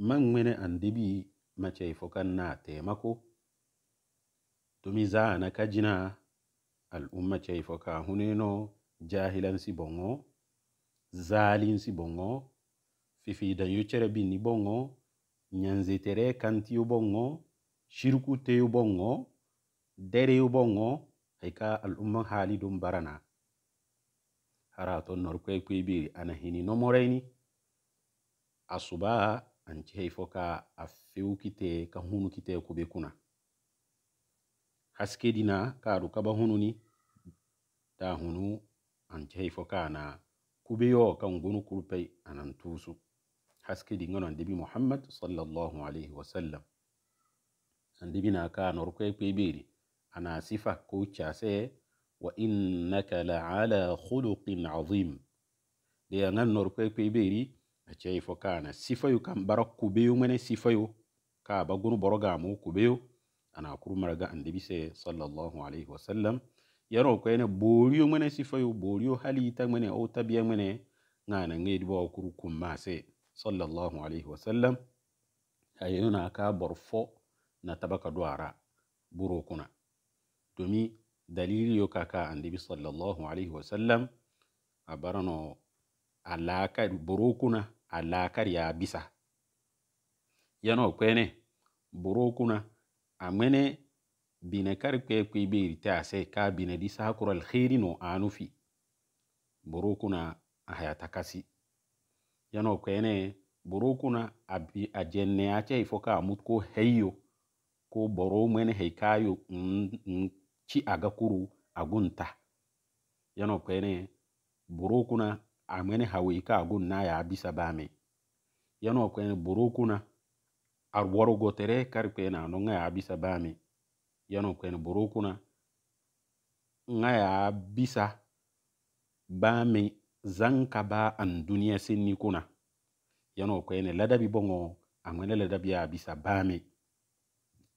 man mene an dibi mace fokan na taimako tumi za a na kajina al'umma ce foka hunino jahilansi bongo zalinsi bongo fifi da yu cere binni bongo nyanzitere kanti yu bongo shirku te yu bongo dere yu bongo haika al'umman hali dun barana haraton norkwekwe biri ana hini nomoraini asuba anti hei fo a fewu kite ka hunu kite ko be kuna haske dina ka ru kaba hunu ni da hunu anti hei fo ka na kubeyo kan gunu kurpei anan tusu haske dinga non debi muhammad sallallahu alaihi wasallam an debi na ka nor ko pe beri ana sifa ko chase wa innaka la ala khuluqin azim de anan nor ko pe beri ace ifo kana sifayu kan bara kubeyo mene sifayo ka bagunu borogamu kubeyo ana kuru maraga andibise sallallahu alaihi wasallam yaro ko ene boriyo mene yu. boriyo halita mene o tabiya mene ngana ngedi bo kuru kumase sallallahu alaihi wasallam hayuna ka borfo na tabaka duara buro kuna domi dalili yo kaka andibi sallallahu alaihi wasallam abarano alaka boro alakari ya bisa yana kwene burokuna amene bine karpe kwe beri ta sai ka bine di sakura alkhairi no anufi burokuna ahaya takasi yana kwene burokuna abi ajenne ache ifoka amutko heyo ko boro mene heikayo ci aga kuru agunta yana kwene burokuna amene hawe ka agun na ya abisa bame yano kwene burukuna arworo gotere kar na no nga ya abisa bame yano kwene burukuna nga ya abisa ba-me zanka ba an duniya sinni kuna yano kwene ladabi bongo amene ladabi ya abisa a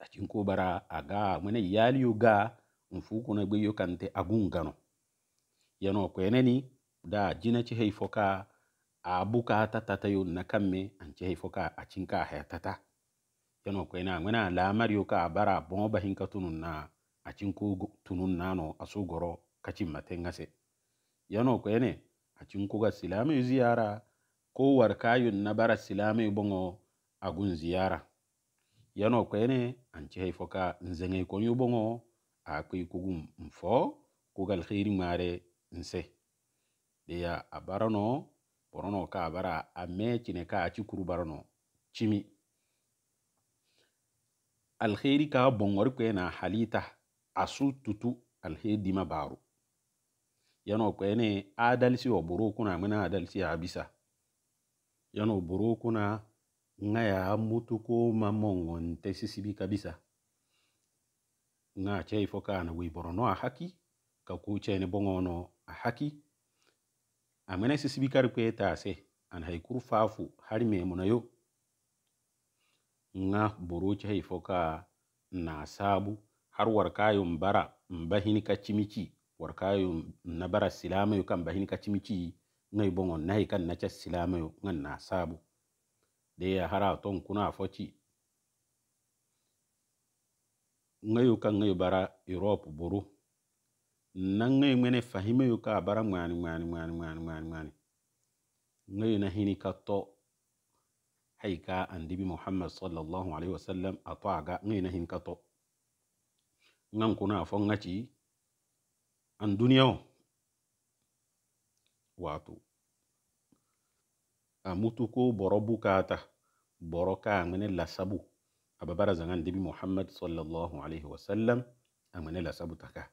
acin ko bara aga amene yaliyo ga mfu kuna gbeyo kante agun gano yano kwene ni da jinaci hei a buka ta yo na kan me an ci ka a cinka haya tata yano kwena ngwena lamar yau ka bara bongo bahin ka tunun na a cinku tunun no a sogoro goro kacin maten ngase yano kwene a cinku ga silami ziyara ko warkayun na bara silami bongo a gun ziyara yano kwene anci hei haifoka ka nzenge konyo bongo a kwi kugun mfo kugal khiri mare nse deya a barano borono ka bara a mecine ka ci kuru barano cimi alheri ka bongori na halita asu tutu alheri dima baru yano ne adalisi wa buru kuna muna adalisi a bisa yano buru kuna y'a mutu ko mamongo nte sisibi kabisa nga chei foka na wi borono a haki ka ku chene bongono a haki amena si sibikari kue taase an haikuru faafu hari memuna yo nga boroche haifoka nasabu har warkayo mbara mbahini kachimichi warkayo nabara silama yo ka mbahini kachimichi nga ibongo nahi kan nacha silama yo nga nasabu deya hara ton kuna afochi nga yo ka nga yo bara europe boro nangay mene fahime yu ka bara mwani mwani mwani mwani mwani mwani ngay na hini kato to hay ka andibi muhammad sallallahu alaihi wasallam a to aga ŋayi na hini kato ngam kuna a fo ŋa an dunya wato a mutu ko boro bukata boro ka a ŋmene lasabu a muhammad sallallahu alaihi wasallam amene la sabu taka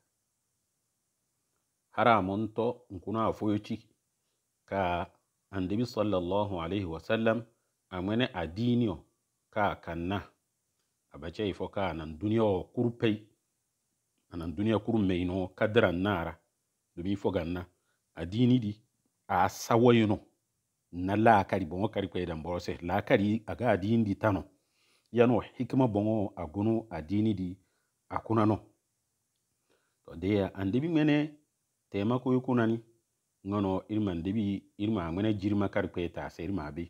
hara monto nkuna afoyoti ka andibi sallallahu alaihi wasallam amene adinio ka kanna abace ifo ka nan duniya wa kurpei anan duniya kurmei no kadiran nara domin ifo ganna adini di a sawoyino na lakari bongo kari kwe dan borose laakari aga adini di tano yano hikima bongo agunu adini di akuna no to de andibi mene temako yi kunani ŋono irma debi irma ŋmene jirma kari kwe tase irma be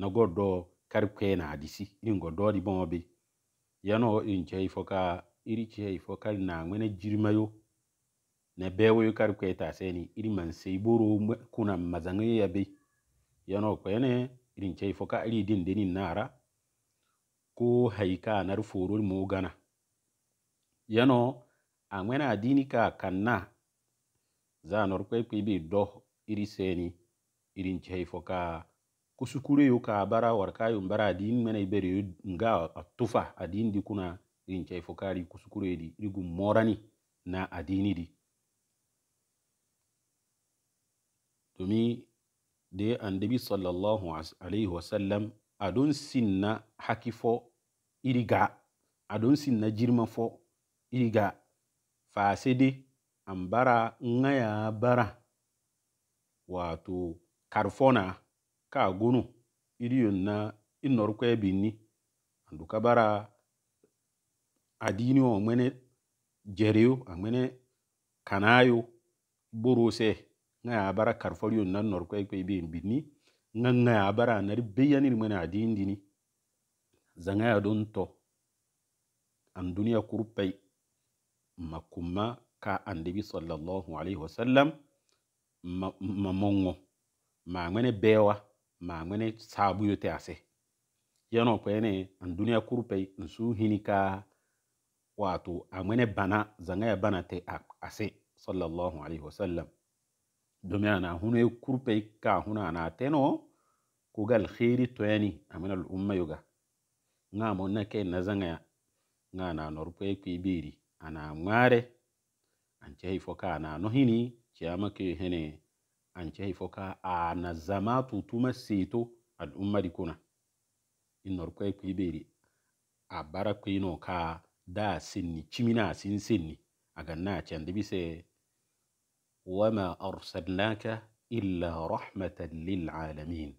na go do na adisi irin go di bon be yano irin che ifo ka iri che ifo na ŋmene jirma yo na bewo yo kari kwe tase ni iri man se iboro kuna mazanga ya be yano kwene irin che ifo ka iri din denin nara ko haika na ruforo mo gana yano a ŋmene adini ka kanna zanor kwekwe bi do iri seni irin cihai fo ka yu ka bara war kayo bara adin mene yu nga atufa adin di kuna irin cihai fo ka ri kusukureyo di iri morani na adini di domi de annabi sallallahu alaihi wasallam adon sinna haki fo iri ga adon sinna jirma fo iri ga fasede an bara n bara wato karfona ka iri iriyon na inorkwe binni andu ka bara adiniyo amwene jereyo amwene kanayo borose ŋa yaa bara karforiyon na norkwe kwe ben binni ŋa ŋa yaa bara nari beyaniri mwene adin dini zaŋa ya don to an duniya kurpai pei ma kuma ka annabi sallallahu alaihi wasallam mamongo ma ngene bewa ma ngene sabu yote ase yano kwene an duniya kurpe nsu hinika watu a bana zanga ya bana te ase sallallahu alaihi wasallam domin na hunu kurpe ka huna na teno kugal khiri toyani amene al umma yoga nga monna ke na zanga ya nga na norpe ku ibiri ana ngare anchehi foka na nohini chiama ke hene anchehi foka ana zamatu tuma sito al umma dikuna inor kwe kwiberi bara kwino ka da sinni chimina sin sinni aganna chande bise wama arsalnaka illa rahmatan lil alamin